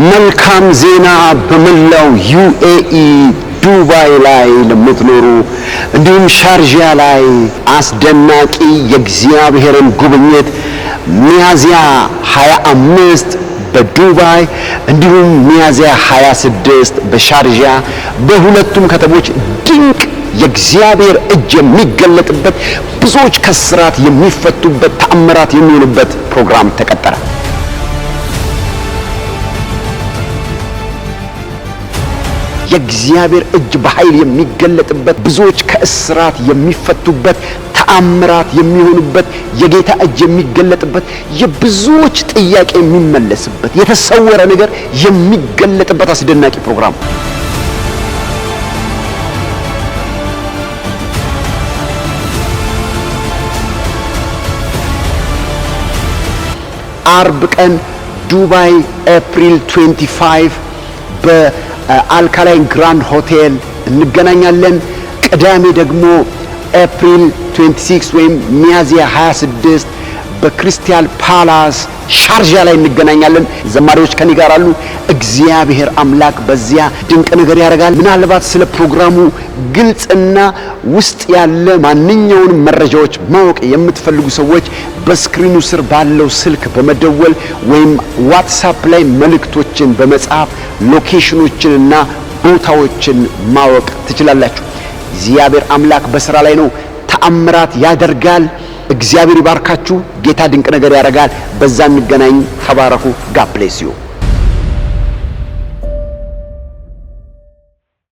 መልካም ዜና በመላው ዩኤኢ ዱባይ ላይ ለምትኖሩ እንዲሁም ሻርዣ ላይ አስደናቂ የእግዚአብሔርን ጉብኝት ሚያዝያ 25 በዱባይ እንዲሁም ሚያዝያ 26 በሻርዣ በሁለቱም ከተሞች ድንቅ የእግዚአብሔር እጅ የሚገለጥበት ብዙዎች ከስራት የሚፈቱበት ተአምራት የሚሆንበት ፕሮግራም ተቀጠረ። የእግዚአብሔር እጅ በኃይል የሚገለጥበት ብዙዎች ከእስራት የሚፈቱበት ተአምራት የሚሆኑበት የጌታ እጅ የሚገለጥበት የብዙዎች ጥያቄ የሚመለስበት የተሰወረ ነገር የሚገለጥበት አስደናቂ ፕሮግራም አርብ ቀን ዱባይ ኤፕሪል 25 በ አልካላይን ግራንድ ሆቴል እንገናኛለን። ቅዳሜ ደግሞ ኤፕሪል 26 ወይም ሚያዝያ 26 በክሪስታል ፓላስ ሻርጃ ላይ እንገናኛለን። ዘማሪዎች ከኔ ጋር አሉ። እግዚአብሔር አምላክ በዚያ ድንቅ ነገር ያደርጋል። ምናልባት ስለ ፕሮግራሙ ግልጽና ውስጥ ያለ ማንኛውንም መረጃዎች ማወቅ የምትፈልጉ ሰዎች በስክሪኑ ስር ባለው ስልክ በመደወል ወይም ዋትሳፕ ላይ መልእክቶችን በመጻፍ ሎኬሽኖችንና ቦታዎችን ማወቅ ትችላላችሁ። እግዚአብሔር አምላክ በስራ ላይ ነው። ተአምራት ያደርጋል። እግዚአብሔር ይባርካችሁ። ጌታ ድንቅ ነገር ያደርጋል። በዛ እንገናኝ። ተባረኩ። ጋፕሌስ ዩ